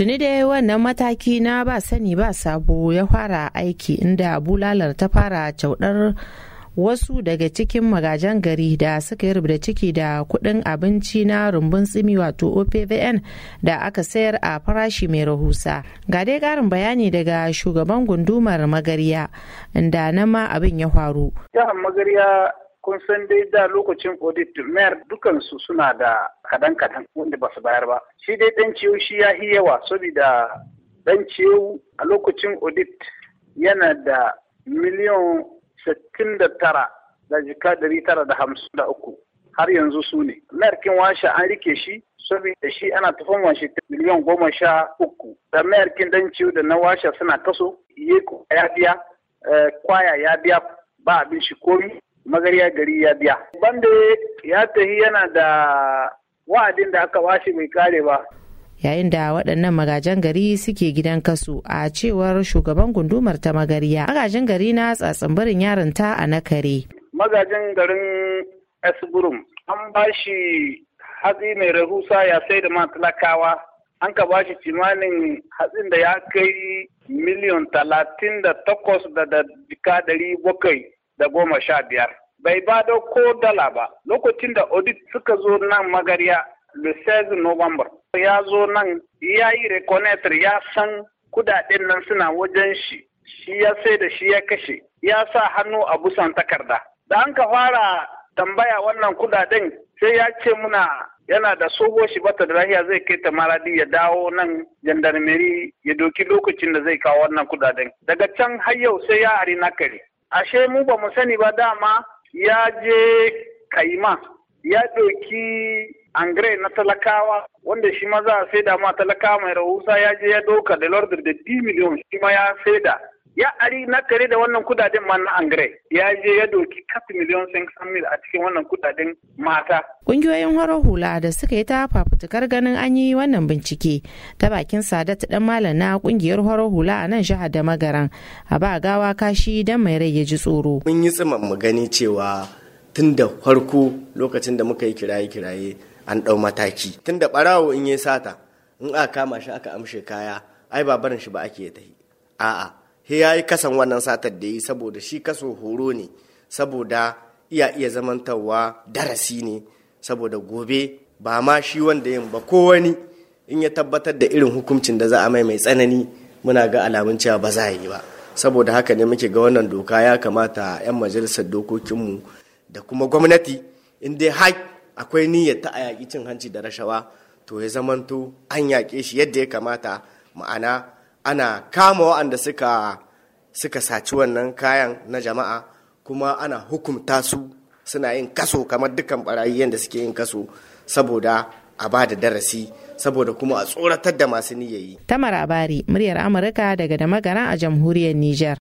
Tuni dai wannan mataki na ba sani ba sabo ya fara aiki inda bulalar ta fara caudar wasu daga cikin magajan gari da suka yi rubuta ciki da kuɗin abinci na rumbun tsimi wato opvn da aka sayar a farashi mai rahusa ga dai ƙarin bayani daga shugaban gundumar magariya inda nan ma abin ya faru kun san dai da lokacin audit mayar dukansu suna da kadan kadan wanda ba su bayar ba shi dai dan ciwo shi ya yi yawa saboda dan ciwo a lokacin audit yana da miliyan sittin da jika dari har yanzu su ne mayar kin washe an rike shi saboda shi ana tafan washe miliyan goma sha uku da mayar kin dan ciwo da na washe suna kaso ya biya eh, kwaya ya biya ba abin shi komi magariya gari ya biya bande ya tahi yana da wa'adin da aka bashi mai kare ba yayin da waɗannan magajan gari suke gidan kasu a cewar shugaban gundumar ta magariya magajin gari na tsatsambarin yaron ta a nakare magajin garin esburum an bashi hatsi mai rahusa ya sai da talakawa an ka bashi shi kimanin hatsin da ya kai miliyan talatin da takwas da jika ɗari bakwai da goma sha biyar. Bai ba da ko dala ba lokacin da audit suka zo nan magarya le 16 November. Ya zo nan ya yi reconnaître ya san kudaden nan suna wajen shi, shi ya sai da shi ya kashe, ya sa hannu a busan takarda. Da an ka fara tambaya wannan kudaden sai ya ce muna yana da sobo shi bata da lahiya zai kai ta maradi ya dawo nan jandarmeri ya doki lokacin da zai kawo wannan kudaden daga can har yau sai ya hari kare ashe mu ba mu sani ba dama ya je kaima ya ɗauki angre na talakawa wanda shi ma za a saida ma talakawa mai rahusa ya je ya ɗauka da lord da d miliyon shi ma ya saida ya ari na kare da wannan kudaden ma na angare ya je ya doki kaf miliyan sun mil a cikin wannan kudaden mata. ƙungiyoyin horo hula da suka yi ta fafutukar ganin an yi wannan bincike ta bakin Sadat dan malam na kungiyar horo hula a nan jihar da magaran a ba gawa kashi dan mai rai ya ji tsoro. Mun yi tsima mu gani cewa tun da farko lokacin da muka yi kiraye-kiraye an ɗau mataki tun da ɓarawo in yi sata in aka kama shi aka amshe kaya ai ba barin shi ba ake ta yi a'a he ya yi kasan wannan satar da yi saboda shi kaso horo ne saboda iya iya zamantarwa darasi ne saboda gobe ba ma shi wanda yin ba ko wani in ya tabbatar da irin hukuncin da za a mai mai tsanani muna ga alamun cewa ba za a yi ba saboda haka ne muke ga wannan doka ya kamata 'yan majalisar dokokinmu da kuma gwamnati in dai har akwai niyyar ta a yaƙi cin hanci da rashawa to ya zamanto an yaƙe shi yadda ya kamata ma'ana ana kama wa'anda suka suka saci wannan kayan na jama'a kuma ana hukumta su suna yin kaso kamar dukkan barayi yadda suke yin kaso saboda a ba da darasi saboda kuma a tsoratar da masu niyayi. Tamar Abari, muryar Amurka daga da magana a jamhuriyar Nijar.